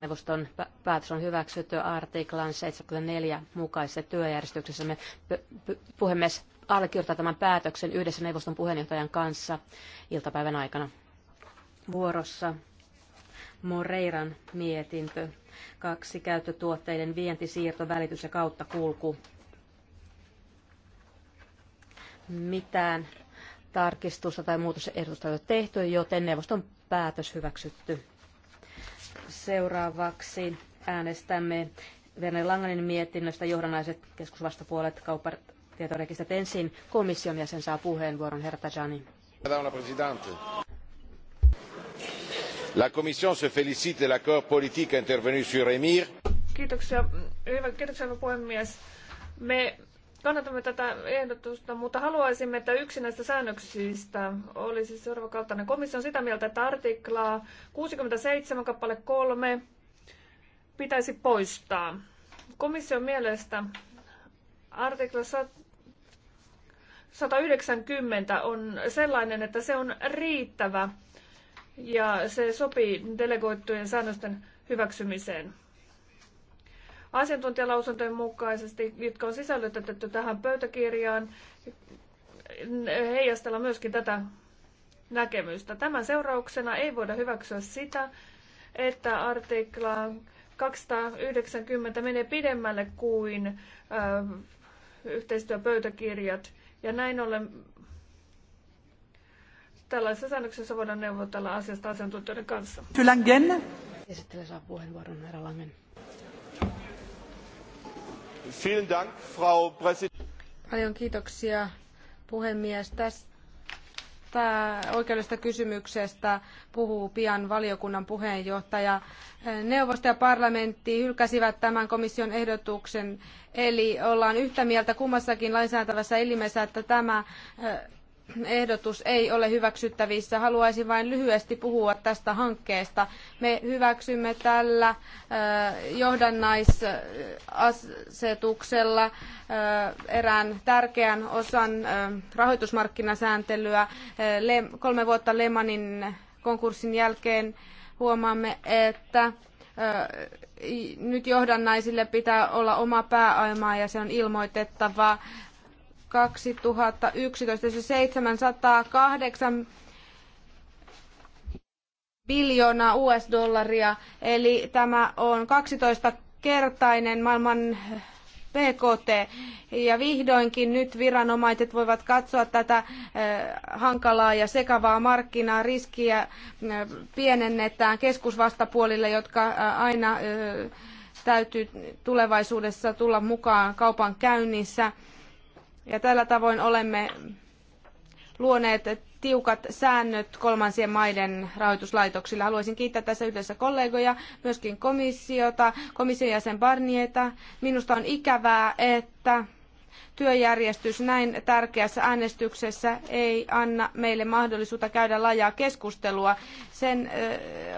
Neuvoston päätös on hyväksytty artiklan 74 mukaisessa työjärjestyksessä. Me puhemies allekirjoittaa tämän päätöksen yhdessä neuvoston puheenjohtajan kanssa iltapäivän aikana. Vuorossa Moreiran mietintö. Kaksi käyttötuotteiden vienti, siirto, välitys ja kauttakulku. Mitään tarkistusta tai muutosehdotusta ei ole tehty, joten neuvoston päätös hyväksytty. Seuraavaksi äänestämme Verne Langanin mietinnöstä johdannaiset keskusvastapuolet kauppatietorekisterit ensin. Komission jäsen saa puheenvuoron, herra Tajani. La Commission se félicite de l'accord politique intervenu sur EMIR. Kiitoksia, hyvä, kiitoksia puhemies. Me kannatamme tätä ehdotusta, mutta haluaisimme, että yksi näistä säännöksistä olisi seuraava kaltainen. Komissio on sitä mieltä, että artiklaa 67 kappale 3 pitäisi poistaa. Komission mielestä artikla 190 on sellainen, että se on riittävä ja se sopii delegoittujen säännösten hyväksymiseen asiantuntijalausuntojen mukaisesti, jotka on sisällytetty tähän pöytäkirjaan, heijastella myöskin tätä näkemystä. Tämän seurauksena ei voida hyväksyä sitä, että artikla 290 menee pidemmälle kuin ö, yhteistyöpöytäkirjat. Ja näin ollen tällaisessa säännöksessä voidaan neuvotella asiasta asiantuntijoiden kanssa. Kyllä, Esittelen saa puheenvuoron, herra Langen. Paljon kiitoksia puhemies. Tästä oikeudellisesta kysymyksestä puhuu pian valiokunnan puheenjohtaja. Neuvosto ja parlamentti hylkäsivät tämän komission ehdotuksen, eli ollaan yhtä mieltä kummassakin lainsäätävässä elimessä, että tämä ehdotus ei ole hyväksyttävissä. Haluaisin vain lyhyesti puhua tästä hankkeesta. Me hyväksymme tällä johdannaisasetuksella erään tärkeän osan rahoitusmarkkinasääntelyä. Kolme vuotta Lemanin konkurssin jälkeen huomaamme, että nyt johdannaisille pitää olla oma pääaimaa ja se on ilmoitettava 2011 se 708 biljoonaa US-dollaria, eli tämä on 12-kertainen maailman BKT. Ja vihdoinkin nyt viranomaiset voivat katsoa tätä eh, hankalaa ja sekavaa markkinaa, riskiä eh, pienennetään keskusvastapuolille, jotka eh, aina täytyy tulevaisuudessa tulla mukaan kaupan käynnissä. Ja tällä tavoin olemme luoneet tiukat säännöt kolmansien maiden rahoituslaitoksille. Haluaisin kiittää tässä yhdessä kollegoja, myöskin komissiota, komission jäsen Barnieta. Minusta on ikävää, että työjärjestys näin tärkeässä äänestyksessä ei anna meille mahdollisuutta käydä laajaa keskustelua. Sen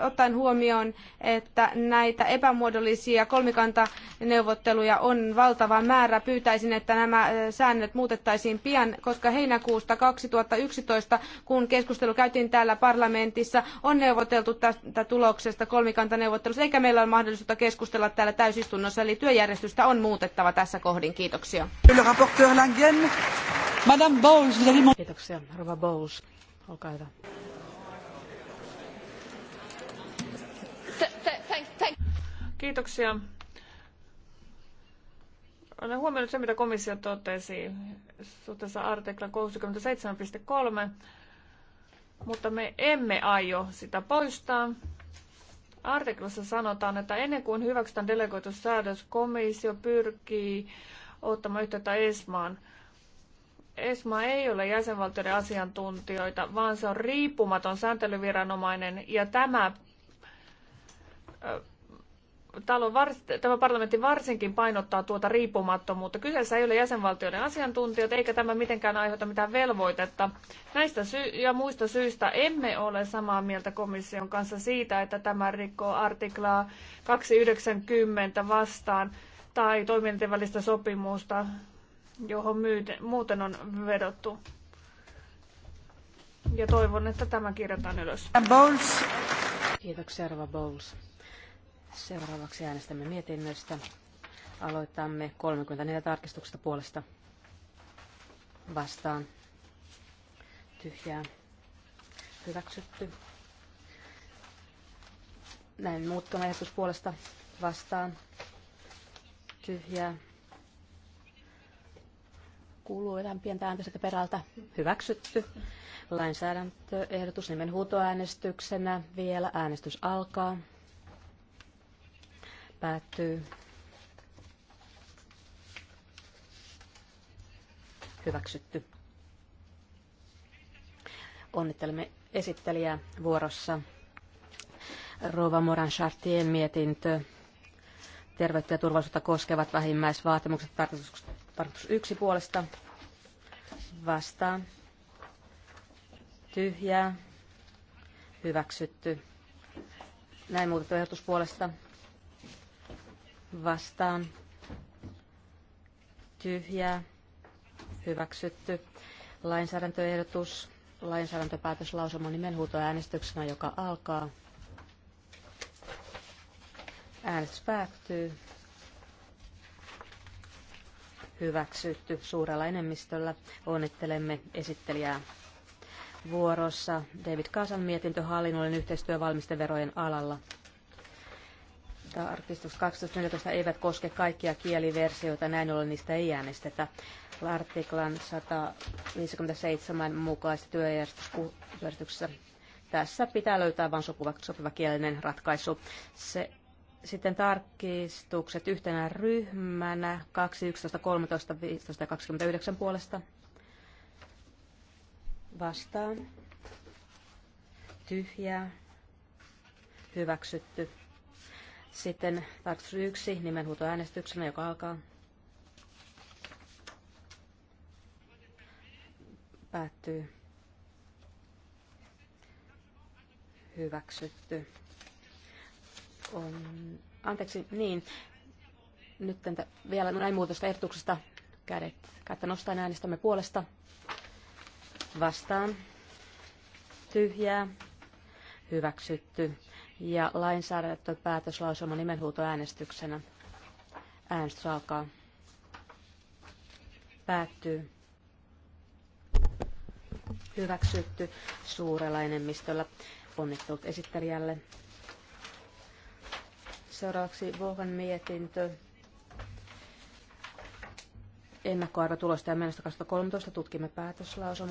ottaen huomioon, että näitä epämuodollisia kolmikantaneuvotteluja on valtava määrä, pyytäisin, että nämä säännöt muutettaisiin pian, koska heinäkuusta 2011, kun keskustelu käytiin täällä parlamentissa, on neuvoteltu tästä tuloksesta kolmikantaneuvottelussa, eikä meillä ole mahdollisuutta keskustella täällä täysistunnossa, eli työjärjestystä on muutettava tässä kohdin. Kiitoksia rapporteur Langen. Madame Bowles, vous avez... Kiitoksia, Rova Bowles. Olkaa hyvä. Kiitoksia. Olen huomioinut sen, mitä komissio totesi suhteessa artikla 67.3, mutta me emme aio sitä poistaa. Artiklassa sanotaan, että ennen kuin hyväksytään delegoitu säädös, komissio pyrkii ottamaan yhteyttä ESMAan. ESMA ei ole jäsenvaltioiden asiantuntijoita, vaan se on riippumaton sääntelyviranomainen ja tämä talo, tämä parlamentti varsinkin painottaa tuota riippumattomuutta. Kyseessä ei ole jäsenvaltioiden asiantuntijat, eikä tämä mitenkään aiheuta mitään velvoitetta. Näistä ja muista syistä emme ole samaa mieltä komission kanssa siitä, että tämä rikkoo artiklaa 290 vastaan tai toimintien välistä sopimusta, johon muuten on vedottu. Ja toivon, että tämä kirjataan ylös. Bowles. Kiitoksia, Arva Bowles. Seuraavaksi äänestämme mietinnöstä. Aloitamme 34 tarkistuksesta puolesta vastaan. Tyhjää. Hyväksytty. Näin muuttuna ehdotus puolesta vastaan tyhjää. Kuuluu jotain pientä ääntä sekä perältä. Hyväksytty. Lainsäädäntöehdotus nimen huutoäänestyksenä. Vielä äänestys alkaa. Päättyy. Hyväksytty. Onnittelemme esittelijää vuorossa. Rova Moran Chartien mietintö terveyttä ja turvallisuutta koskevat vähimmäisvaatimukset tarkoitus, yksi puolesta vastaan tyhjää hyväksytty. Näin muutettu ehdotus puolesta vastaan tyhjää hyväksytty. Lainsäädäntöehdotus, lainsäädäntöpäätöslausuma nimenhuutoäänestyksenä, joka alkaa. Äänestys päättyy. Hyväksytty suurella enemmistöllä. Onnittelemme esittelijää. Vuorossa David Kasan mietintö hallinnollinen yhteistyö valmisteverojen alalla. Tarkistus 2014 eivät koske kaikkia kieliversioita, näin ollen niistä ei äänestetä. Artiklan 157 mukaista työjärjestyksessä tässä pitää löytää vain sopiva, sopiva kielinen ratkaisu. Se sitten tarkistukset yhtenä ryhmänä 2, 11, 13, 15 ja 29 puolesta. Vastaan. Tyhjää. Hyväksytty. Sitten tarkistus 1 nimenhuutoäänestyksenä, joka alkaa. Päättyy. Hyväksytty on, anteeksi, niin, nyt tämän, vielä näin muutosta ehdotuksesta kädet, kättä nostaa äänestämme puolesta vastaan tyhjää hyväksytty ja nimenhuuto äänestyksenä, Äänestys alkaa. Päättyy. Hyväksytty suurella enemmistöllä. Onnittelut esittelijälle. Seuraavaksi Vohan mietintö. Ennakkoarvotulosta ja menosta 2013 tutkimme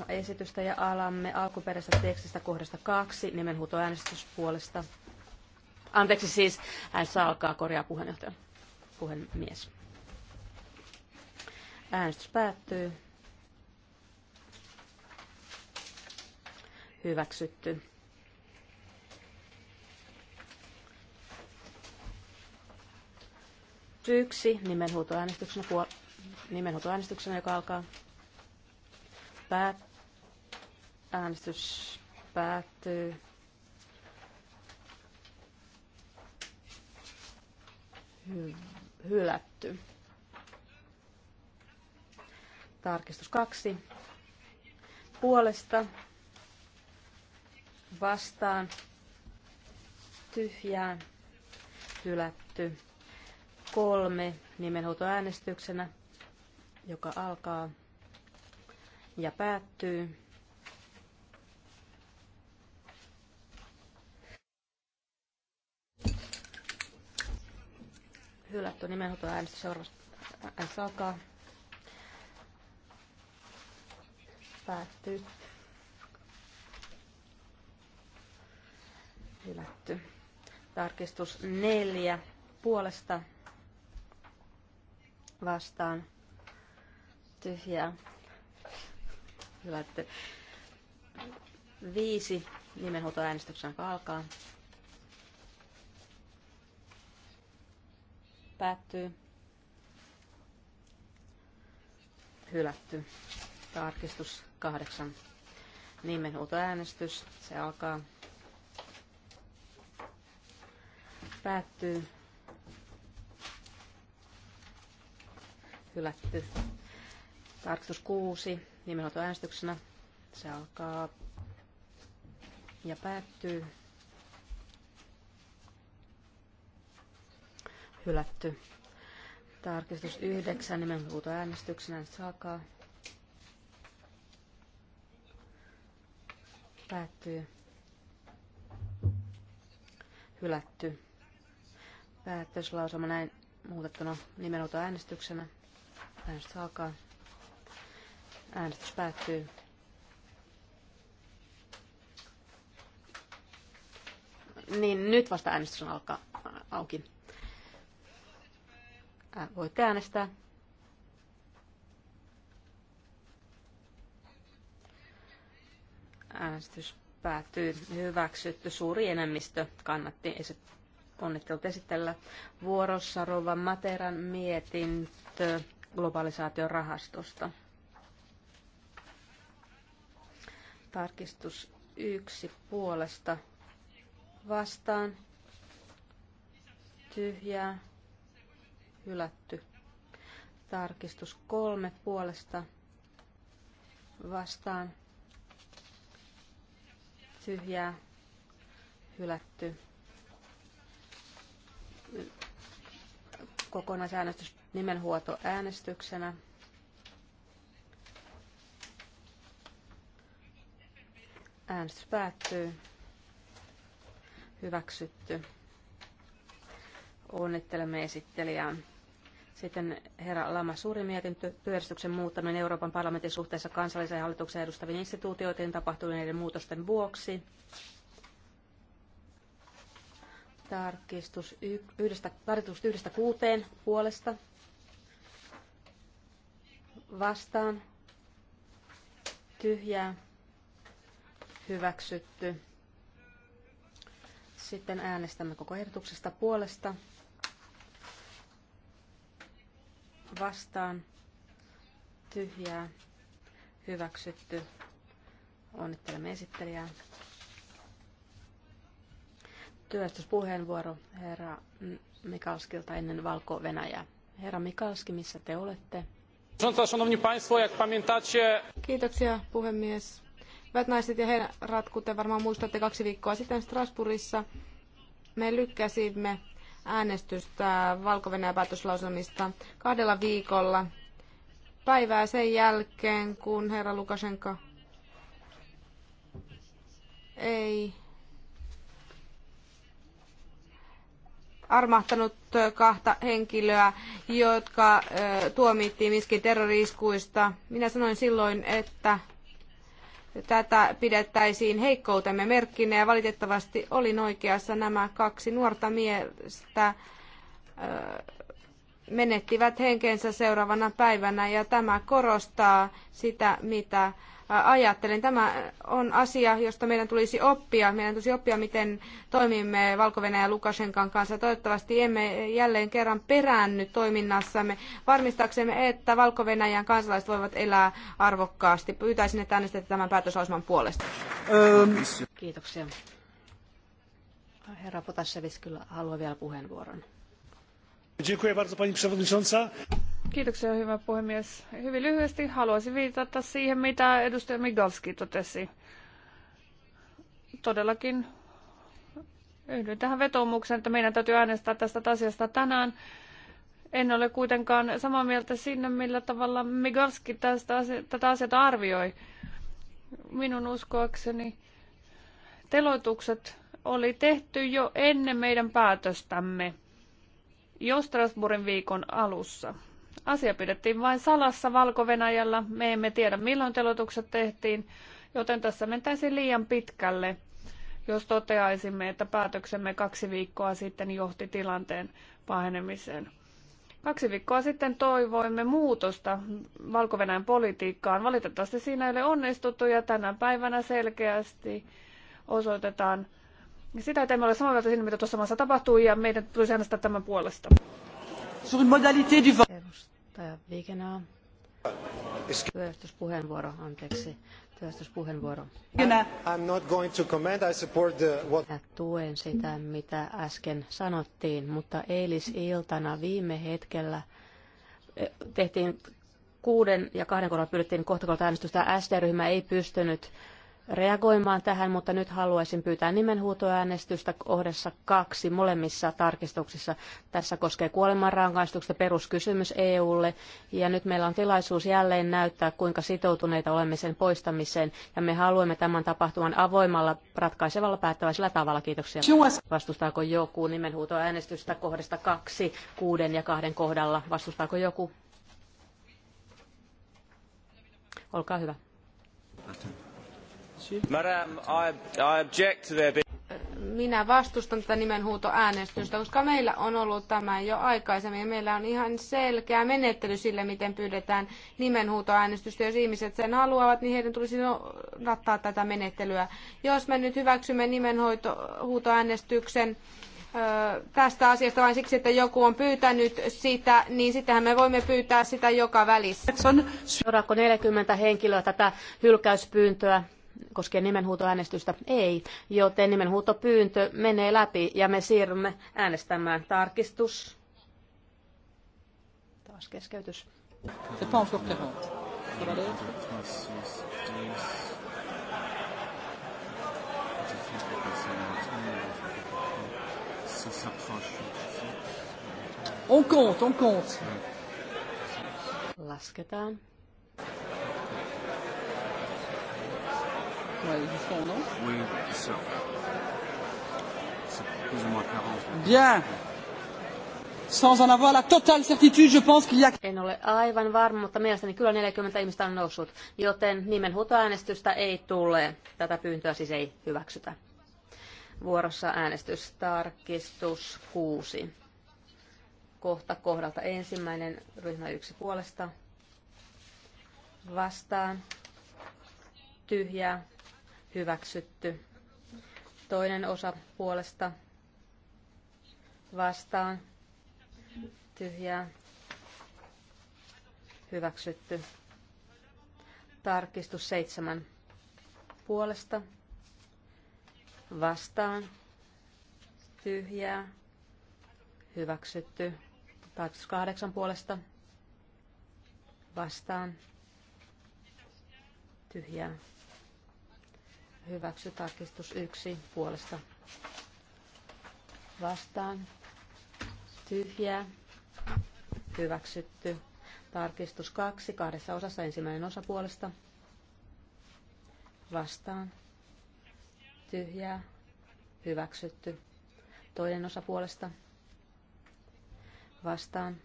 esitystä ja alamme alkuperäisestä tekstistä kohdasta kaksi äänestyspuolesta. Anteeksi siis, saa alkaa korjaa puheenjohtaja, puhemies. Äänestys päättyy. Hyväksytty. yksi nimenhuutoäänestyksenä, puol- nimenhuutoäänestyksenä, joka alkaa. Päät- äänestys päättyy. Hy- hylätty. Tarkistus kaksi. Puolesta vastaan tyhjään hylätty kolme nimenhuutoäänestyksenä, joka alkaa ja päättyy. Hylätty nimenhuutoäänestys seuraavaksi alkaa. Päättyy. Hylätty. Tarkistus neljä puolesta vastaan tyhjää hyvätte Viisi nimenhuutoäänestyksen alkaa. Päättyy. Hylätty. Tarkistus kahdeksan. Nimenhuutoäänestys. Se alkaa. Päättyy. hylätty. Tarkistus 6 nimenhoitoäänestyksenä. Se alkaa ja päättyy. Hylätty. Tarkistus 9 nimenhuutoäänestyksenä. Se alkaa. Päättyy. Hylätty. Päätöslausuma näin muutettuna nimenhuutoäänestyksenä. äänestyksenä. Äänestys alkaa. Äänestys päättyy. Niin, nyt vasta äänestys on alkaa, auki. Voitte äänestää. Äänestys päättyy hyväksytty. Suuri enemmistö kannatti onnittelut esitellä vuorossa Rovan Materan mietintö globalisaation rahastosta. Tarkistus yksi puolesta vastaan tyhjää hylätty. Tarkistus kolme puolesta vastaan tyhjää hylätty kokonaisäänestys nimenhuoto äänestyksenä. Äänestys päättyy. Hyväksytty. Onnittelemme esittelijää. Sitten herra Lama suuri mietintö, pyöristyksen muuttaminen Euroopan parlamentin suhteessa kansalliseen hallituksen edustaviin instituutioihin tapahtuneiden muutosten vuoksi. Tarkistus, yhdestä, tarkistus yhdestä kuuteen puolesta vastaan tyhjää hyväksytty. Sitten äänestämme koko ehdotuksesta puolesta vastaan tyhjää hyväksytty. Onnittelemme esittelijää. Työstyspuheenvuoro herra Mikalskilta ennen Valko-Venäjää. Herra Mikalski, missä te olette? Kiitoksia puhemies. Hyvät naiset ja herrat, kuten varmaan muistatte kaksi viikkoa sitten Strasbourgissa, me lykkäsimme äänestystä valko päätöslauselmista kahdella viikolla päivää sen jälkeen, kun herra Lukashenka ei armahtanut kahta henkilöä, jotka tuomittiin Miskin terroriskuista. Minä sanoin silloin, että tätä pidettäisiin heikkoutemme merkkinä ja valitettavasti olin oikeassa nämä kaksi nuorta miestä menettivät henkensä seuraavana päivänä ja tämä korostaa sitä, mitä ajattelen. Tämä on asia, josta meidän tulisi oppia. Meidän tulisi oppia, miten toimimme valko ja Lukashenkan kanssa. Toivottavasti emme jälleen kerran peräänny toiminnassamme varmistaksemme, että valko kansalaiset voivat elää arvokkaasti. Pyytäisin, että äänestätte tämän päätöslausman puolesta. Kiitoksia. Herra Potasewicz kyllä haluaa vielä puheenvuoron. Dziękuję bardzo pani przewodnicząca. Kiitoksia, hyvä puhemies. Hyvin lyhyesti haluaisin viitata siihen, mitä edustaja Migalski totesi. Todellakin yhdyn tähän vetoomukseen, että meidän täytyy äänestää tästä asiasta tänään. En ole kuitenkaan samaa mieltä sinne, millä tavalla Migalski tästä tätä asiaa arvioi. Minun uskoakseni teloitukset oli tehty jo ennen meidän päätöstämme, jo Strasbourgin viikon alussa. Asia pidettiin vain salassa valko -Venäjällä. Me emme tiedä milloin telotukset tehtiin, joten tässä mentäisiin liian pitkälle, jos toteaisimme, että päätöksemme kaksi viikkoa sitten johti tilanteen pahenemiseen. Kaksi viikkoa sitten toivoimme muutosta valko politiikkaan. Valitettavasti siinä ei ole onnistuttu ja tänä päivänä selkeästi osoitetaan sitä, että emme ole samaa mieltä siinä, mitä tuossa maassa tapahtuu ja meidän tulisi äänestää tämän puolesta. Sur une modalité du tai Viikenaa. Työjärjestyspuheenvuoro, anteeksi. Työjärjestyspuheenvuoro. I'm not going to comment, I support the, what... Mä tuen sitä, mitä äsken sanottiin, mutta eilisiltana viime hetkellä eh, tehtiin kuuden ja kahden kohdalla pyydettiin kohtakolta äänestystä. SD-ryhmä ei pystynyt reagoimaan tähän, mutta nyt haluaisin pyytää nimenhuutoäänestystä kohdassa kaksi molemmissa tarkistuksissa. Tässä koskee kuolemanrangaistuksesta peruskysymys EUlle, ja nyt meillä on tilaisuus jälleen näyttää, kuinka sitoutuneita olemme sen poistamiseen, ja me haluamme tämän tapahtuman avoimalla, ratkaisevalla, päättäväisellä tavalla. Kiitoksia. Vastustaako joku nimenhuutoäänestystä kohdasta kaksi, kuuden ja kahden kohdalla? Vastustaako joku? Olkaa hyvä. Minä vastustan tätä nimenhuutoäänestystä, koska meillä on ollut tämä jo aikaisemmin. Meillä on ihan selkeä menettely sille, miten pyydetään nimenhuutoäänestystä. Jos ihmiset sen haluavat, niin heidän tulisi rattaa tätä menettelyä. Jos me nyt hyväksymme nimenhuutoäänestyksen, tästä asiasta vain siksi, että joku on pyytänyt sitä, niin sittenhän me voimme pyytää sitä joka välissä. Seuraako 40 henkilöä tätä hylkäyspyyntöä? koskien nimenhuutoäänestystä? Ei, joten nimenhuutopyyntö menee läpi ja me siirrymme äänestämään. Tarkistus. Taas keskeytys. On compte, on compte. Lasketaan. Ouais, juste en non Oui, c'est plus ou moins 40. Bien. Sans en avoir la totale certitude, je pense qu'il y a... En ole aivan varma, mutta mielestäni kyllä 40 ihmistä on noussut, joten nimenhuutoäänestystä ei tule. Tätä pyyntöä siis ei hyväksytä. Vuorossa äänestys, tarkistus 6. Kohta kohdalta ensimmäinen ryhmä yksi puolesta. Vastaan. Tyhjää hyväksytty. Toinen osa puolesta vastaan tyhjää hyväksytty. Tarkistus seitsemän puolesta vastaan tyhjää hyväksytty. Tarkistus kahdeksan puolesta vastaan tyhjää hyväksy tarkistus yksi puolesta vastaan. Tyhjää. Hyväksytty. Tarkistus kaksi kahdessa osassa ensimmäinen osa puolesta vastaan. Tyhjää. Hyväksytty. Toinen osa puolesta vastaan.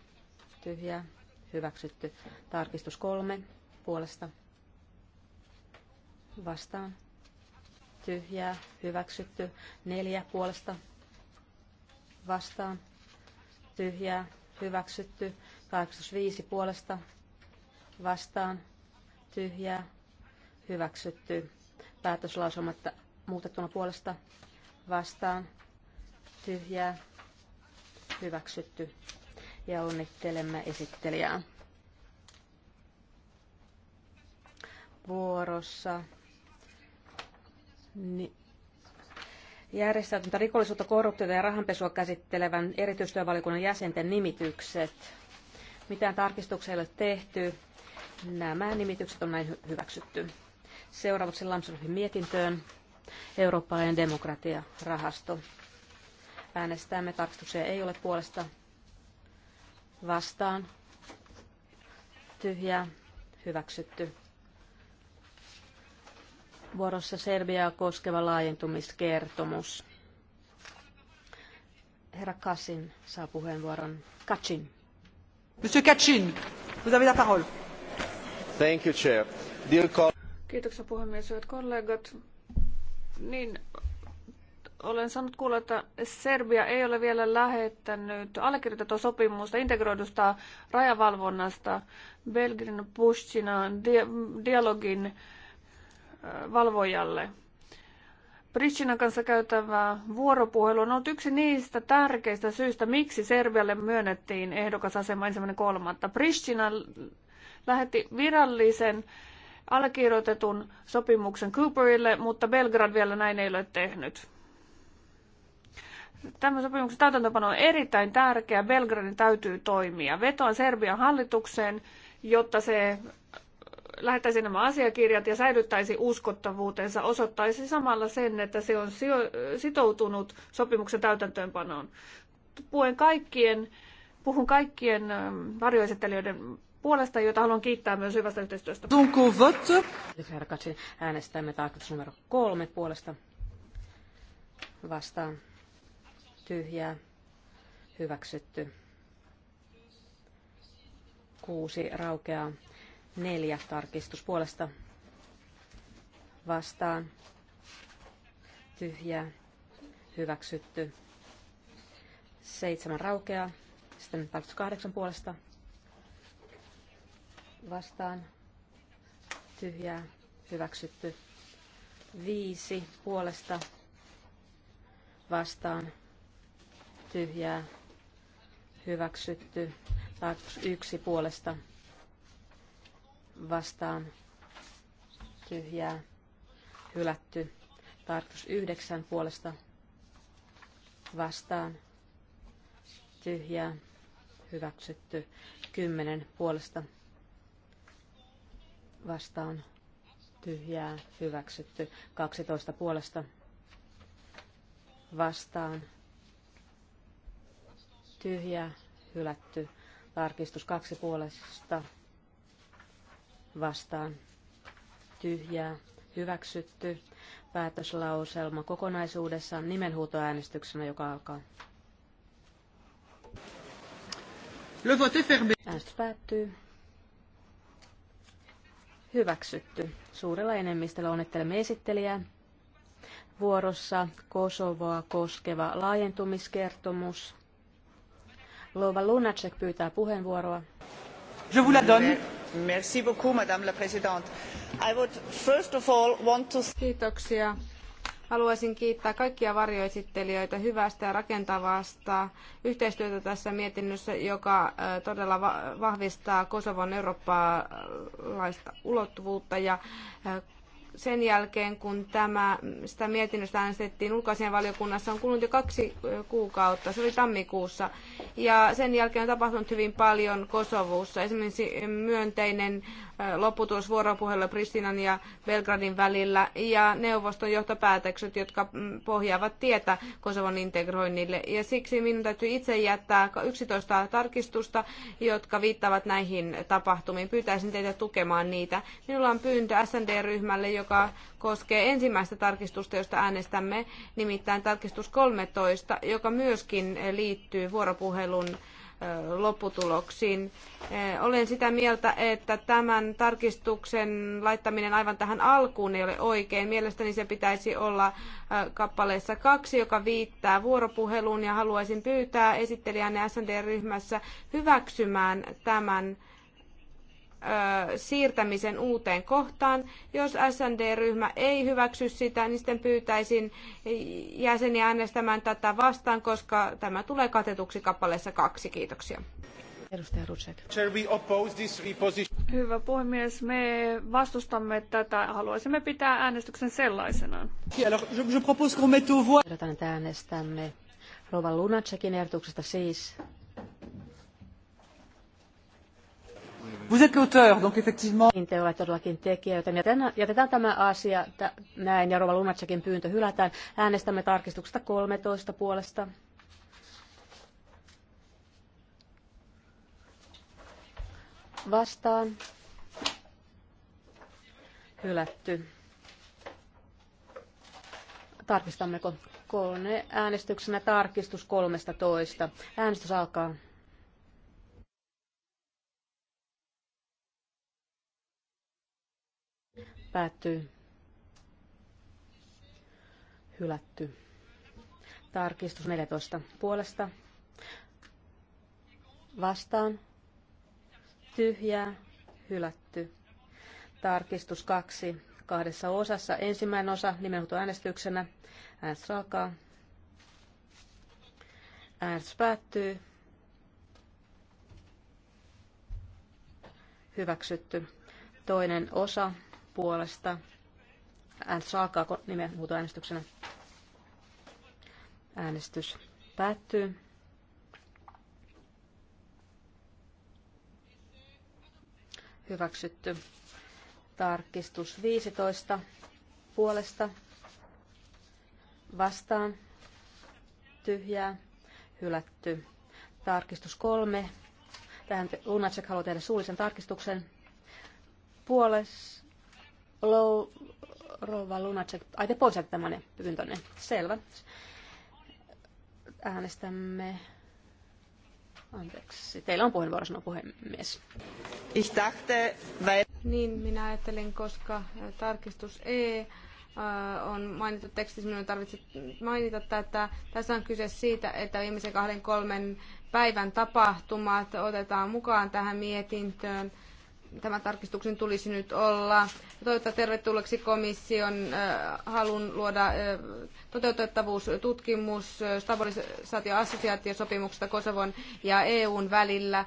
Tyhjää. Hyväksytty. Tarkistus kolme puolesta vastaan tyhjää, hyväksytty. Neljä puolesta vastaan, tyhjää, hyväksytty. 85 puolesta vastaan, tyhjää, hyväksytty. Päätöslausumatta muutettuna puolesta vastaan, tyhjää, hyväksytty. Ja onnittelemme esittelijää. Vuorossa niin järjestäytyntä rikollisuutta, korruptiota ja rahanpesua käsittelevän erityistyövaliokunnan jäsenten nimitykset. Mitään tarkistuksia ei ole tehty. Nämä nimitykset on näin hyväksytty. Seuraavaksi Lamsdorfin mietintöön. Eurooppalainen demokratiarahasto. Äänestämme. Tarkistuksia ei ole puolesta. Vastaan. Tyhjää. Hyväksytty vuorossa Serbiaa koskeva laajentumiskertomus. Herra Kassin saa puheenvuoron. Kacin. Monsieur Kacin, vous avez la parole. Thank you, Chair. Dear Kiitoksia puhemies, hyvät kollegat. Niin, olen saanut kuulla, että Serbia ei ole vielä lähettänyt allekirjoitettua sopimusta integroidusta rajavalvonnasta Belgrin Pushtina dialogin valvojalle. Pristinan kanssa käytävä vuoropuhelu on ollut yksi niistä tärkeistä syistä, miksi Serbialle myönnettiin ehdokasasema ensimmäinen kolmatta. Pristina lähetti virallisen allekirjoitetun sopimuksen Cooperille, mutta Belgrad vielä näin ei ole tehnyt. Tämä sopimuksen täytäntöpano on erittäin tärkeä. Belgradin täytyy toimia. Vetoan Serbian hallitukseen, jotta se lähettäisi nämä asiakirjat ja säilyttäisi uskottavuutensa, osoittaisi samalla sen, että se on sitoutunut sopimuksen täytäntöönpanoon. Puhun kaikkien, puhun kaikkien ähm, varjoesittelijöiden puolesta, joita haluan kiittää myös hyvästä yhteistyöstä. Tunku vote. Äänestämme taakse numero kolme puolesta vastaan. Tyhjää. Hyväksytty. Kuusi raukeaa. Neljä tarkistus puolesta vastaan. Tyhjää. Hyväksytty. Seitsemän raukeaa. Sitten tarkistus kahdeksan puolesta vastaan. Tyhjää. Hyväksytty. Viisi puolesta vastaan. Tyhjää. Hyväksytty. Tarkistus yksi puolesta vastaan vastaan tyhjää hylätty. Tarkistus yhdeksän puolesta vastaan tyhjää hyväksytty. kymmenen puolesta vastaan tyhjää hyväksytty. Kaksitoista puolesta vastaan tyhjää hylätty. Tarkistus kaksi puolesta vastaan tyhjää hyväksytty päätöslauselma kokonaisuudessaan nimenhuutoäänestyksenä, joka alkaa. Le vote fermé. Äänestys päättyy. Hyväksytty. Suurella enemmistöllä onnittelemme esittelijää. Vuorossa Kosovoa koskeva laajentumiskertomus. Lova Lunacek pyytää puheenvuoroa. Je vous la donne. Kiitoksia. Haluaisin kiittää kaikkia varjoesittelijöitä hyvästä ja rakentavasta yhteistyötä tässä mietinnössä, joka todella vahvistaa Kosovon eurooppalaista ulottuvuutta ja sen jälkeen, kun tämä, sitä mietinnöstä äänestettiin valiokunnassa on kulunut jo kaksi kuukautta. Se oli tammikuussa. Ja sen jälkeen on tapahtunut hyvin paljon Kosovussa. Esimerkiksi myönteinen lopputulos vuoropuhelu Pristinan ja Belgradin välillä ja neuvoston johtopäätökset, jotka mm, pohjaavat tietä Kosovon integroinnille. Ja siksi minun täytyy itse jättää 11 tarkistusta, jotka viittaavat näihin tapahtumiin. Pyytäisin teitä tukemaan niitä. Minulla on pyyntö SND-ryhmälle, joka koskee ensimmäistä tarkistusta, josta äänestämme, nimittäin tarkistus 13, joka myöskin liittyy vuoropuhelun lopputuloksiin. Olen sitä mieltä, että tämän tarkistuksen laittaminen aivan tähän alkuun ei ole oikein. Mielestäni se pitäisi olla kappaleessa kaksi, joka viittaa vuoropuheluun ja haluaisin pyytää esittelijänne SND-ryhmässä hyväksymään tämän siirtämisen uuteen kohtaan. Jos SND-ryhmä ei hyväksy sitä, niin sitten pyytäisin jäseniä äänestämään tätä vastaan, koska tämä tulee katetuksi kappaleessa kaksi. Kiitoksia. Edustaja Rutsek. Hyvä puhemies, me vastustamme tätä. Haluaisimme pitää äänestyksen sellaisenaan. Ehdotan, että äänestämme Rova Lunacekin ehdotuksesta siis Vous êtes l'auteur, donc effectivement... Niin, te olette todellakin tekijä, joten jätetään tämä asia näin ja Rova Lunatsakin pyyntö hylätään. Äänestämme tarkistuksesta 13 puolesta. Vastaan. Hylätty. Tarkistammeko kolme äänestyksenä tarkistus 13. Äänestys alkaa. Päättyy. Hylätty. Tarkistus 14 puolesta. Vastaan. Tyhjää. Hylätty. Tarkistus 2 kahdessa osassa. Ensimmäinen osa äänestyksenä. Äänestys alkaa. Äänestys päättyy. Hyväksytty. Toinen osa puolesta. Äänestys alkaa muutoäänestyksenä. Äänestys päättyy. Hyväksytty. Tarkistus 15 puolesta vastaan tyhjää hylätty. Tarkistus 3. Tähän Lunacek haluaa tehdä suullisen tarkistuksen puoles, Lou, Rova Lunacek, ai te poistatte tämän pyyntönne. Selvä. Äänestämme. Anteeksi, teillä on puheenvuoro, sanoo puhemies. Ich dachte, weil... Niin, minä ajattelin, koska tarkistus E on mainittu tekstissä, minun tarvitse mainita tätä. Tässä on kyse siitä, että viimeisen kahden kolmen päivän tapahtumat otetaan mukaan tähän mietintöön tämän tarkistuksen tulisi nyt olla. Toivottaa tervetulleeksi komission halun luoda toteutettavuustutkimus stabilisaatioassosiaatiosopimuksesta Kosovon ja EUn välillä,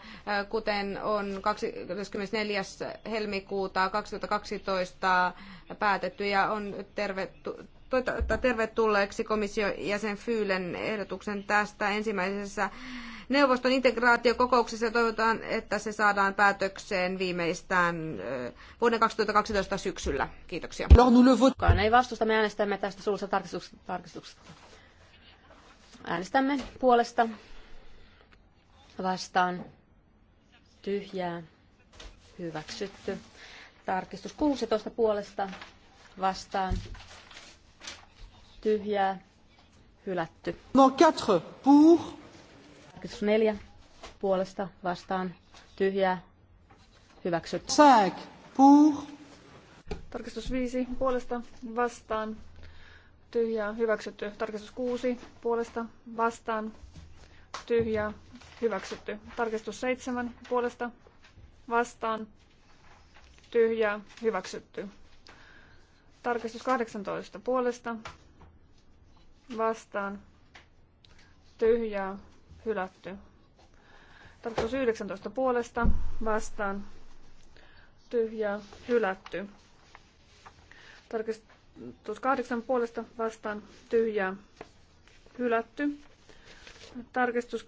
kuten on 24. helmikuuta 2012 päätetty ja on tervetullut toivottavasti tervetulleeksi komission jäsen Fyylen ehdotuksen tästä ensimmäisessä Neuvoston integraatiokokouksessa toivotaan, että se saadaan päätökseen viimeistään vuoden 2012 syksyllä. Kiitoksia. Kukaan ei vastusta, me äänestämme tästä suullisesta tarkistuksesta. Äänestämme puolesta vastaan tyhjää hyväksytty. Tarkistus 16 puolesta vastaan tyhjää hylätty. No 4 pour Tarkistus neljä puolesta vastaan tyhjää hyväksytty. Sääk. Puur. Tarkistus viisi puolesta vastaan tyhjää hyväksytty. Tarkistus kuusi puolesta vastaan tyhjää hyväksytty. Tarkistus seitsemän puolesta vastaan tyhjää hyväksytty. Tarkistus 18 puolesta vastaan tyhjää hylätty. Tarkoitus 19 puolesta vastaan tyhjää hylätty. Tarkistus 8 puolesta vastaan tyhjää hylätty. Tarkistus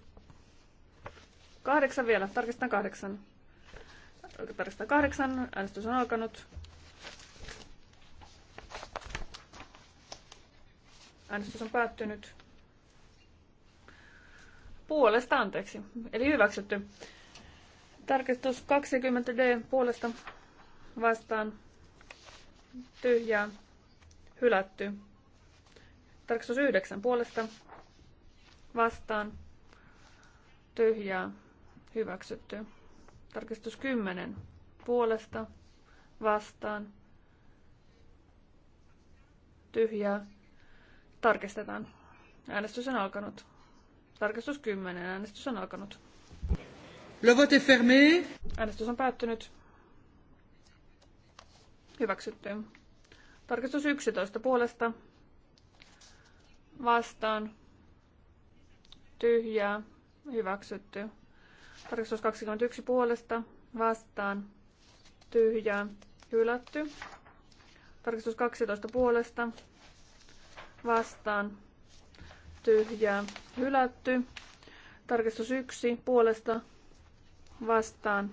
8 vielä. Tarkistan 8. Tarkistan 8. Äänestys on alkanut. Äänestys on päättynyt puolesta, anteeksi. Eli hyväksytty. Tarkistus 20D puolesta vastaan tyhjää hylätty. Tarkistus 9 puolesta vastaan tyhjää hyväksytty. Tarkistus 10 puolesta vastaan tyhjää tarkistetaan. Äänestys on alkanut. Tarkastus 10. Äänestys on alkanut. Le vote est fermé. Äänestys on päättynyt. Hyväksytty. Tarkastus 11 puolesta. Vastaan. Tyhjää. Hyväksytty. Tarkastus 21 puolesta. Vastaan. Tyhjää. Hylätty. Tarkastus 12 puolesta. Vastaan tyhjää hylätty. Tarkistus 1 puolesta vastaan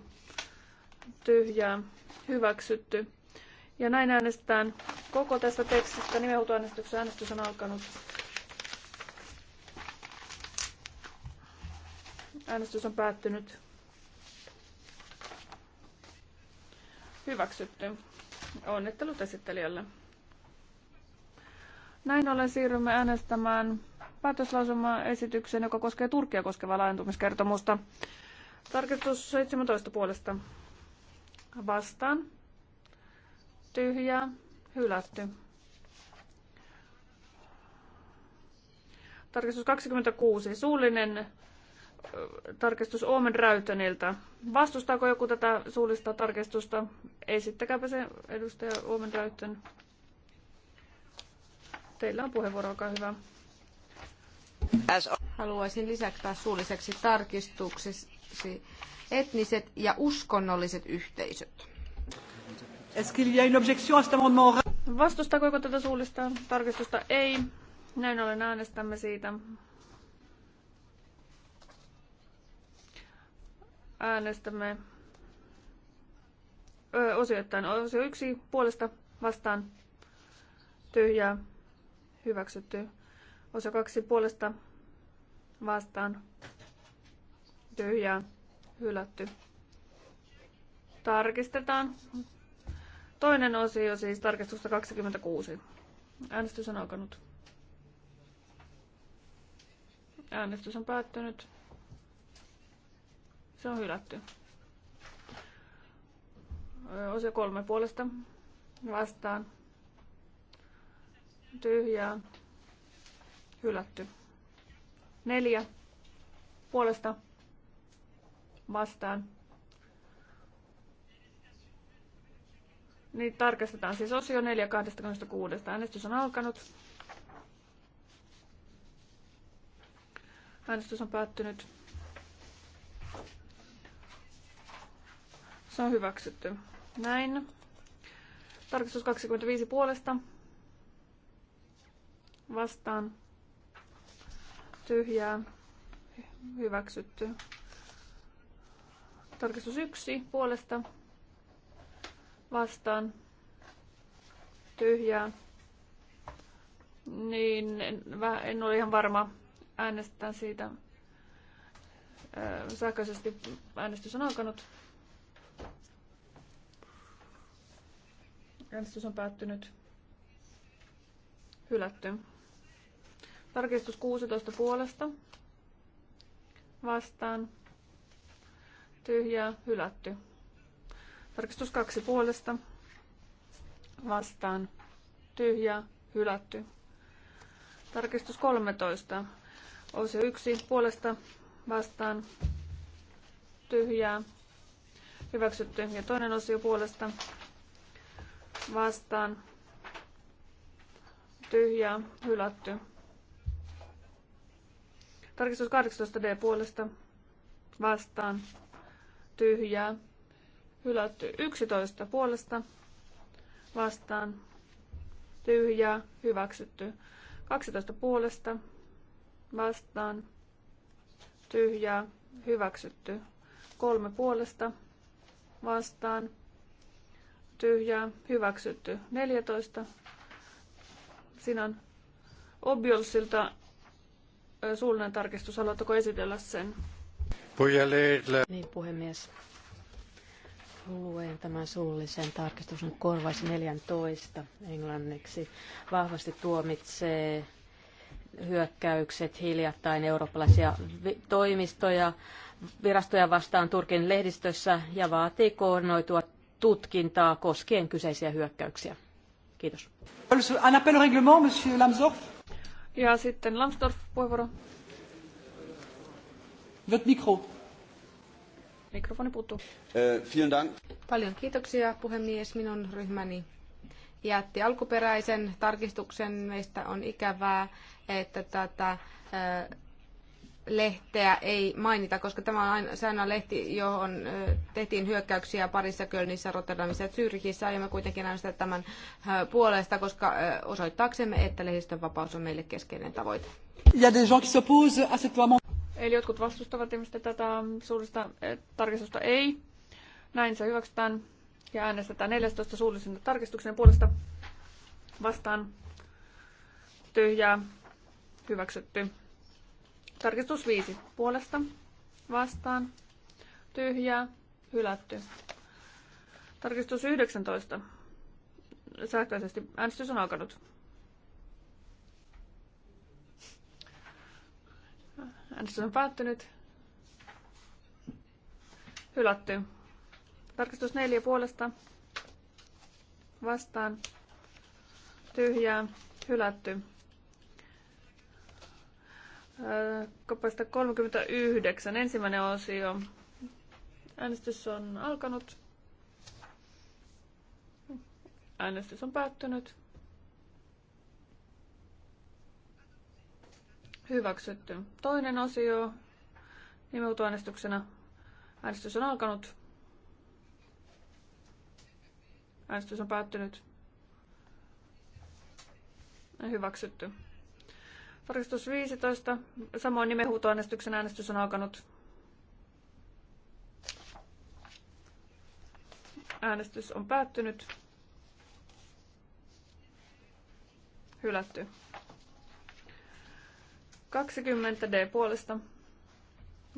tyhjää hyväksytty. Ja näin äänestetään koko tästä tekstistä. Nimenhuutoäänestyksen äänestys on alkanut. Äänestys on päättynyt. Hyväksytty. Onnittelut esittelijälle. Näin ollen siirrymme äänestämään päätöslausumaesityksen, joka koskee Turkia koskevaa laajentumiskertomusta. Tarkistus 17 puolesta vastaan. Tyhjää, hylätty. Tarkistus 26, suullinen tarkistus Oomen Räytöniltä. Vastustaako joku tätä suullista tarkistusta? Esittäkääpä se, edustaja Oomen Räytön. Teillä on puheenvuoro, olkaa hyvä. Haluaisin lisätä suulliseksi tarkistuksesi etniset ja uskonnolliset yhteisöt. Vastustaako joku tätä suullista tarkistusta? Ei. Näin ollen äänestämme siitä. Äänestämme öö, osioittain. Osio yksi puolesta vastaan tyhjää hyväksytty. Osa kaksi puolesta vastaan tyhjää hylätty. Tarkistetaan. Toinen osio siis tarkistusta 26. Äänestys on alkanut. Äänestys on päättynyt. Se on hylätty. Osio kolme puolesta vastaan. Tyhjää. Hylätty. Neljä. Puolesta. Vastaan. Niin tarkastetaan siis osio 4.26. Äänestys on alkanut. Äänestys on päättynyt. Se on hyväksytty. Näin. Tarkistus 25 puolesta. Vastaan tyhjää, hyväksytty. Tarkistus 1 puolesta vastaan tyhjää. Niin, en, en ole ihan varma. äänestetään siitä. Sähköisesti äänestys on alkanut. Äänestys on päättynyt. Hylätty. Tarkistus 16 puolesta. Vastaan. Tyhjää. Hylätty. Tarkistus 2 puolesta. Vastaan. Tyhjää. Hylätty. Tarkistus 13. Osio 1 puolesta. Vastaan. Tyhjää. Hyväksytty. Ja toinen osio puolesta. Vastaan. Tyhjää. Hylätty. Tarkistus 18D puolesta vastaan tyhjää. Hylätty 11 puolesta vastaan tyhjää. Hyväksytty 12 puolesta vastaan tyhjää. Hyväksytty 3 puolesta vastaan tyhjää. Hyväksytty 14. Siinä on Obiolsilta suullinen tarkistus, haluatteko esitellä sen? Niin, puhemies. Luen tämän suullisen tarkistuksen korvaisi 14 englanniksi. Vahvasti tuomitsee hyökkäykset hiljattain eurooppalaisia toimistoja, virastoja vastaan Turkin lehdistössä ja vaatii koordinoitua tutkintaa koskien kyseisiä hyökkäyksiä. Kiitos. Un appel au règlement, monsieur Lamzorf. Ja sitten Lambsdorff puheenvuoro. Wird mikro. Mikrofoni puuttuu. Äh, vielen Dank. Paljon kiitoksia puhemies. Minun ryhmäni jätti alkuperäisen tarkistuksen. Meistä on ikävää, että tätä äh, lehteä ei mainita, koska tämä on aina, aina lehti, johon tehtiin hyökkäyksiä parissa Kölnissä, Rotterdamissa ja Zyrkissä. me kuitenkin äänestää tämän puolesta, koska osoittaaksemme, että lehdistön vapaus on meille keskeinen tavoite. Eli jotkut vastustavat ilmeisesti tätä suullista tarkistusta ei. Näin se hyväksytään ja äänestetään 14 suullisen tarkistuksen puolesta vastaan tyhjää hyväksytty. Tarkistus 5. Puolesta. Vastaan. Tyhjää. Hylätty. Tarkistus 19. Sähköisesti äänestys on alkanut. Äänestys on päättynyt. Hylätty. Tarkistus 4 puolesta. Vastaan. Tyhjää. Hylätty. Kopasta 39, ensimmäinen osio. Äänestys on alkanut. Äänestys on päättynyt. Hyväksytty. Toinen osio äänestyksenä. Äänestys on alkanut. Äänestys on päättynyt. Hyväksytty. Tarkistus 15. Samoin nimenhuutoäänestyksen äänestys on alkanut. Äänestys on päättynyt. Hylätty. 20 D puolesta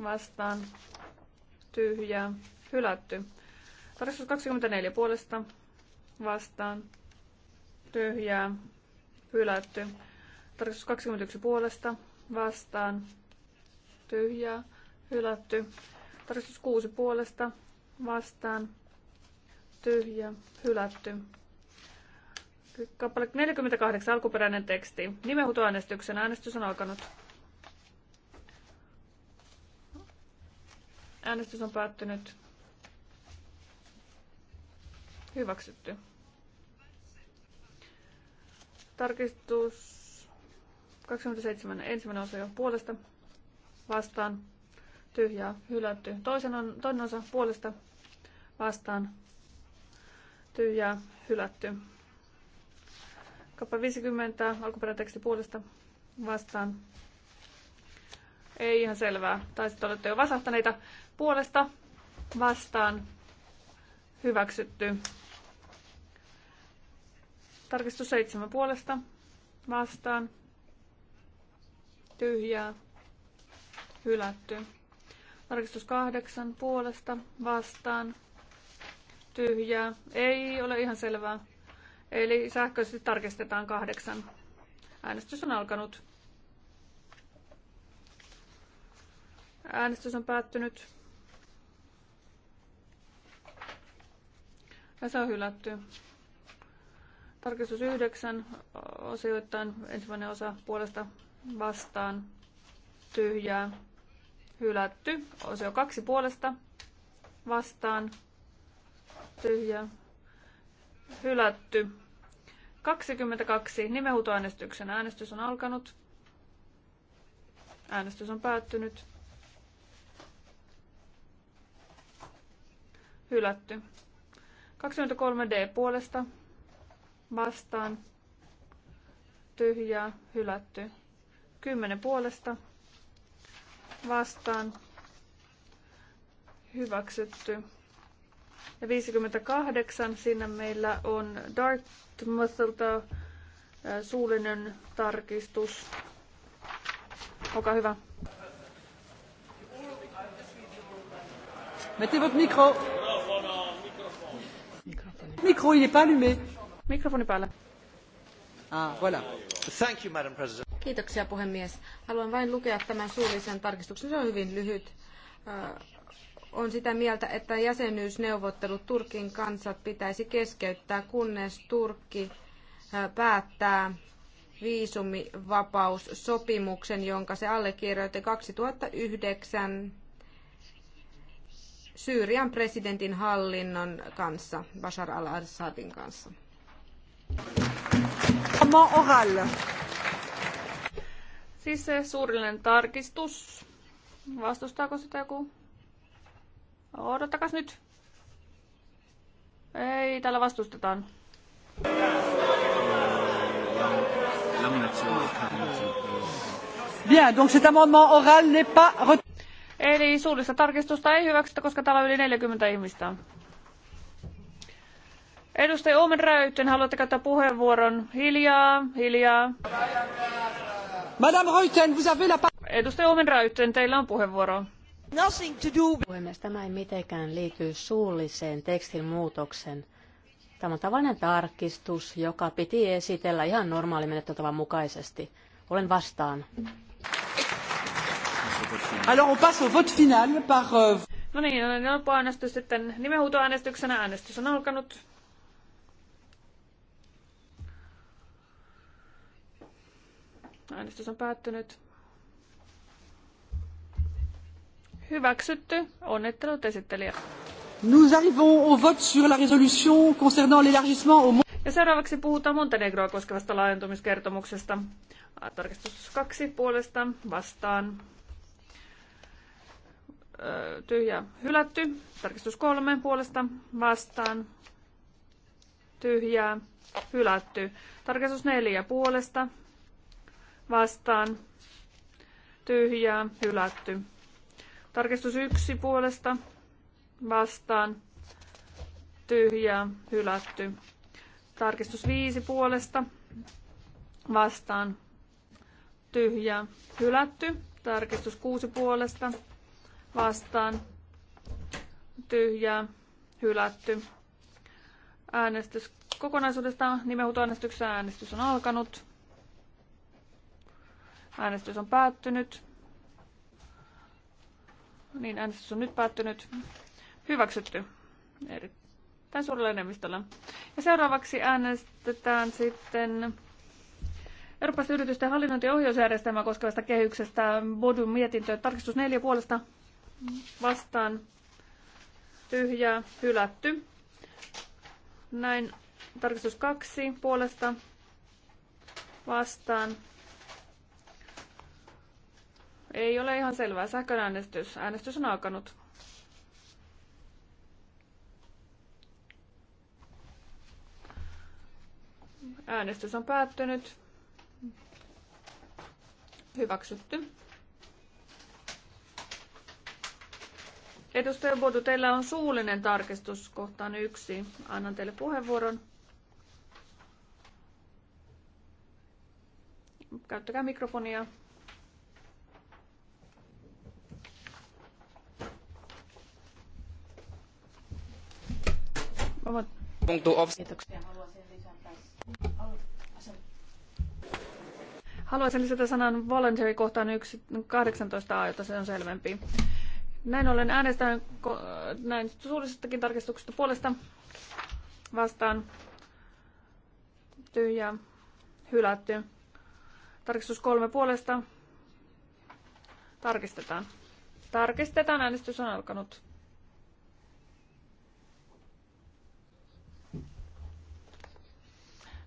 vastaan tyhjää hylätty. Tarkistus 24 puolesta vastaan tyhjää hylätty. Tarkistus 21 puolesta vastaan tyhjää hylätty. Tarkistus 6 puolesta vastaan tyhjä hylätty. Kappale 48 alkuperäinen teksti. Nimenhuutoäänestyksen äänestys on alkanut. Äänestys on päättynyt. Hyväksytty. Tarkistus 27. Ensimmäinen osa jo puolesta vastaan. Tyhjää hylätty. Toisen on, toinen osa puolesta vastaan. Tyhjää hylätty. Kappa 50. Alkuperäteksti puolesta vastaan. Ei ihan selvää. Tai sitten olette jo vasahtaneita. Puolesta vastaan. Hyväksytty. Tarkistus seitsemän puolesta vastaan tyhjää, hylätty. Tarkistus kahdeksan puolesta vastaan, tyhjää, ei ole ihan selvää. Eli sähköisesti tarkistetaan kahdeksan. Äänestys on alkanut. Äänestys on päättynyt. Ja se on hylätty. Tarkistus 9 osioittain ensimmäinen osa puolesta vastaan tyhjää hylätty. Osio kaksi puolesta vastaan tyhjää hylätty. 22. nimehuutoäänestyksen äänestys on alkanut. Äänestys on päättynyt. Hylätty. 23D puolesta vastaan. Tyhjää. Hylätty. 10 puolesta vastaan hyväksytty. Ja 58 siinä meillä on Dartmouthilta äh, suullinen tarkistus. Olkaa hyvä. Mettez votre micro. Micro, il n'est pas allumé. pas là. Ah, voilà. Thank you, Madam President. Kiitoksia puhemies. Haluan vain lukea tämän suullisen tarkistuksen. Se on hyvin lyhyt. On sitä mieltä, että jäsenyysneuvottelut Turkin kansat pitäisi keskeyttää, kunnes Turkki päättää viisumivapaussopimuksen, jonka se allekirjoitti 2009 Syyrian presidentin hallinnon kanssa, Bashar al-Assadin kanssa. Oral. Siis se suurillinen tarkistus. Vastustaako sitä joku? Odottakas nyt. Ei, täällä vastustetaan. Bien, donc cet amendement oral n'est pas... Eli suurista tarkistusta ei hyväksytä, koska täällä on yli 40 ihmistä. Edustaja Omen Räyhtön, haluatte käyttää puheenvuoron? Hiljaa, hiljaa. Madame Reuten, vous avez la Edustaja Omen Reuten, teillä on puheenvuoro. Nothing to do. Puhemies, tämä ei mitenkään liity suulliseen tekstin muutoksen. Tämä on tavallinen tarkistus, joka piti esitellä ihan normaali menettelytavan mukaisesti. Olen vastaan. Alors on passe au vote final par... Euh, no niin, on sitten. Nimenhuutoäänestyksenä äänestys on alkanut. Äänestys on päättynyt. Hyväksytty. Onnittelut esittelijä. Nous arrivons au vote sur la résolution concernant l'élargissement au ja seuraavaksi puhutaan Montenegroa koskevasta laajentumiskertomuksesta. Tarkistus kaksi puolesta vastaan. Tyhjä hylätty. Tarkistus kolme puolesta vastaan. Tyhjää hylätty. Tarkistus neljä puolesta vastaan tyhjää hylätty. Tarkistus yksi puolesta vastaan tyhjää hylätty. Tarkistus viisi puolesta vastaan tyhjää hylätty. Tarkistus kuusi puolesta vastaan tyhjää hylätty. Äänestys kokonaisuudesta nimenhuutoäänestyksessä äänestys on alkanut. Äänestys on päättynyt. Niin, äänestys on nyt päättynyt. Hyväksytty. Erittäin suurella enemmistöllä. Ja seuraavaksi äänestetään sitten Euroopan yritysten hallinnointi- ja ohjausjärjestelmää koskevasta kehyksestä Bodun mietintö. Tarkistus neljä puolesta vastaan tyhjää, hylätty. Näin tarkistus kaksi puolesta vastaan ei ole ihan selvää. Sähköäänestys. Äänestys Äänestys on alkanut. Äänestys on päättynyt. Hyväksytty. Edustaja Vuotu, teillä on suullinen tarkistus kohtaan yksi. Annan teille puheenvuoron. Käyttäkää mikrofonia. ovat... Kiitoksia. Haluaisin lisätä... sanan voluntary kohtaan 18a, jotta se on selvempi. Näin ollen äänestän näin suurisestakin tarkistuksesta puolesta vastaan tyhjää hylätty. Tarkistus kolme puolesta. Tarkistetaan. Tarkistetaan. Äänestys on alkanut.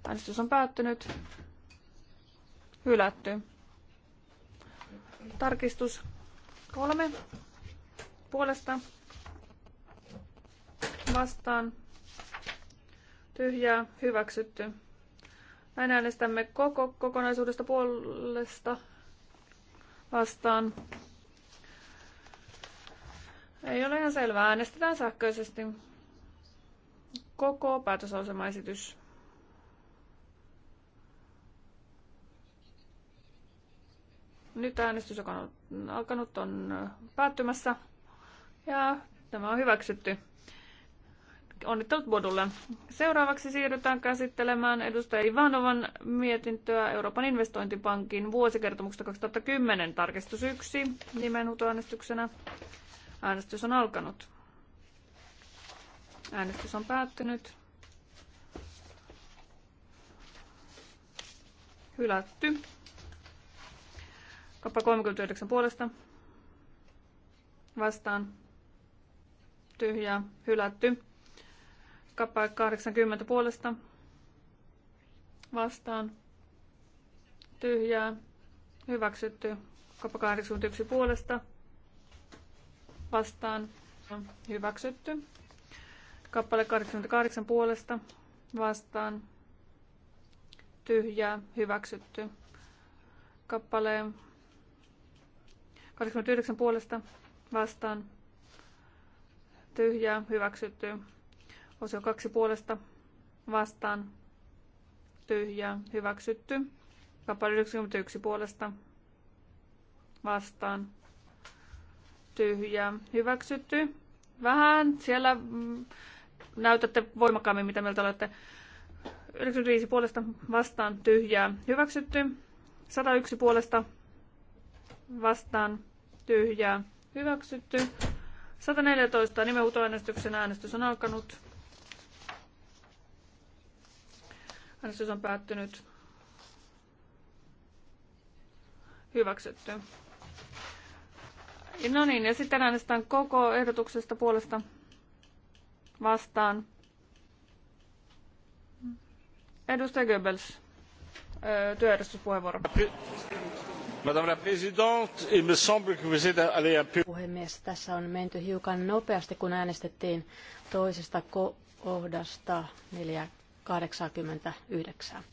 Äänestys on päättynyt. Hylätty. Tarkistus kolme puolesta vastaan tyhjää hyväksytty. Näin äänestämme koko kokonaisuudesta puolesta vastaan. Ei ole ihan selvää. Äänestetään sähköisesti. Koko päätösasemaesitys Nyt äänestys, joka on alkanut, on äh, päättymässä. Ja tämä on hyväksytty. Onnittelut Bodulle. Seuraavaksi siirrytään käsittelemään edustaja Ivanovan mietintöä Euroopan investointipankin vuosikertomuksesta 2010 tarkistus 1 nimenhuutoäänestyksenä. Äänestys on alkanut. Äänestys on päättynyt. Hylätty. Kappa 39 puolesta. Vastaan. tyhjä Hylätty. Kappa 80 puolesta. Vastaan. tyhjä Hyväksytty. Kappa 81 puolesta. Vastaan. Hyväksytty. Kappale 88 puolesta. Vastaan. Tyhjää. Hyväksytty. Kappaleen 89 puolesta vastaan tyhjää hyväksytty. Osio 2 puolesta vastaan tyhjää hyväksytty. Kappale 91 puolesta vastaan tyhjää hyväksytty. Vähän siellä mm, näytätte voimakkaammin, mitä mieltä olette. 95 puolesta vastaan tyhjää hyväksytty. 101 puolesta vastaan tyhjää hyväksytty. 114 nimenhuutoäänestyksen äänestys on alkanut. Äänestys on päättynyt. Hyväksytty. No niin, ja sitten äänestetään koko ehdotuksesta puolesta vastaan. Edustaja Goebbels, työjärjestyspuheenvuoro arvoisa Puhemies, tässä on menty hiukan nopeasti, kun äänestettiin toisesta kohdasta 489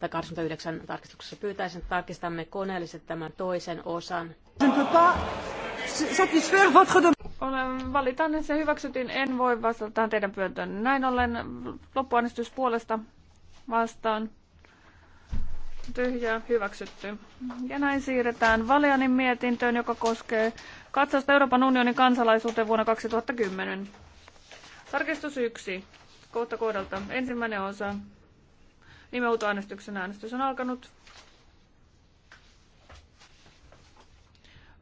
tai 89 tarkistuksessa pyytäisin, että tarkistamme koneellisesti tämän toisen osan. Olen valitan, että se hyväksyttiin. En voi vastata teidän pyyntöön. Näin ollen loppuäänestys puolesta vastaan. Tyhjää. Hyväksytty. Ja näin siirretään Valeanin mietintöön, joka koskee katsausta Euroopan unionin kansalaisuuteen vuonna 2010. Tarkistus 1. Kohta kohdalta. Ensimmäinen osa. Nimenhuutoäänestyksen äänestys on alkanut.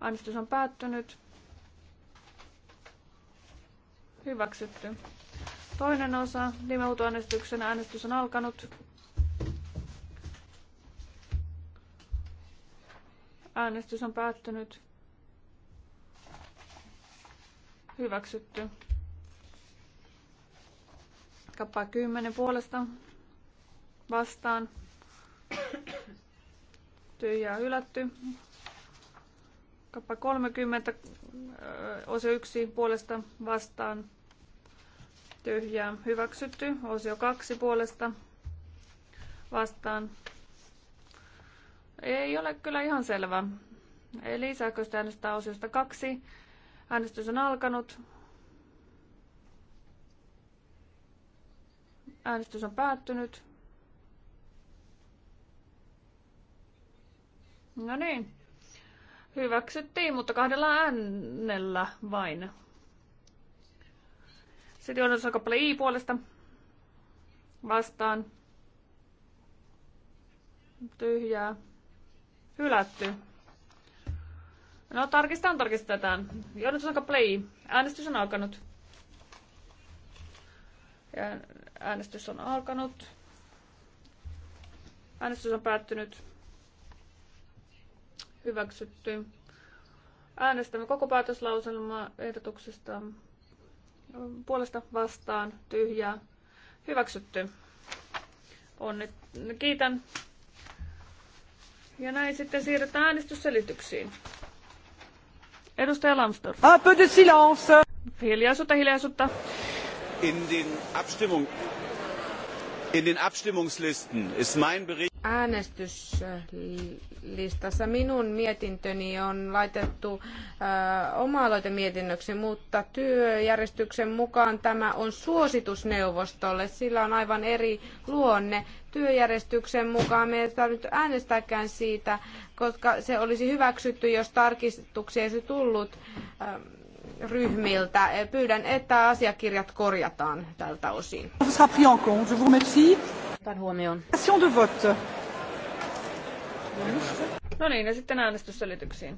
Äänestys on päättynyt. Hyväksytty. Toinen osa. Nimenhuutoäänestyksen äänestys on alkanut. Äänestys on päättynyt. Hyväksytty. Kappaa 10 puolesta vastaan. Tyhjää hylätty. Kappa 30, osio 1 puolesta vastaan. Tyhjää hyväksytty. Osio 2 puolesta vastaan ei ole kyllä ihan selvä. Eli sähköistä äänestää osiosta kaksi. Äänestys on alkanut. Äänestys on päättynyt. No niin. Hyväksyttiin, mutta kahdella äänellä vain. Sitten on kappale I puolesta. Vastaan. Tyhjää. Hylätty. No tarkistetaan, tarkistetaan. on aika play. Äänestys on alkanut. Ja äänestys on alkanut. Äänestys on päättynyt. Hyväksytty. Äänestämme koko päätöslauselmaa ehdotuksesta puolesta vastaan tyhjää. Hyväksytty. Onnit. Kiitän ja näin sitten siirrytään äänestysselityksiin. Edustaja Lamstor. Un peu de silence. Hiljaisuutta, hiljaisuutta. In den Abstimmung in den Abstimmungslisten ist mein Bericht äänestyslistassa. Minun mietintöni on laitettu äh, oma-aloitemietinnöksi, mutta työjärjestyksen mukaan tämä on suositusneuvostolle. Sillä on aivan eri luonne. Työjärjestyksen mukaan me ei tarvitse äänestääkään siitä, koska se olisi hyväksytty, jos tarkistuksia ei tullut äh, ryhmiltä. Pyydän, että asiakirjat korjataan tältä osin. Vous Otan huomioon. No niin, ja sitten äänestysselityksiin.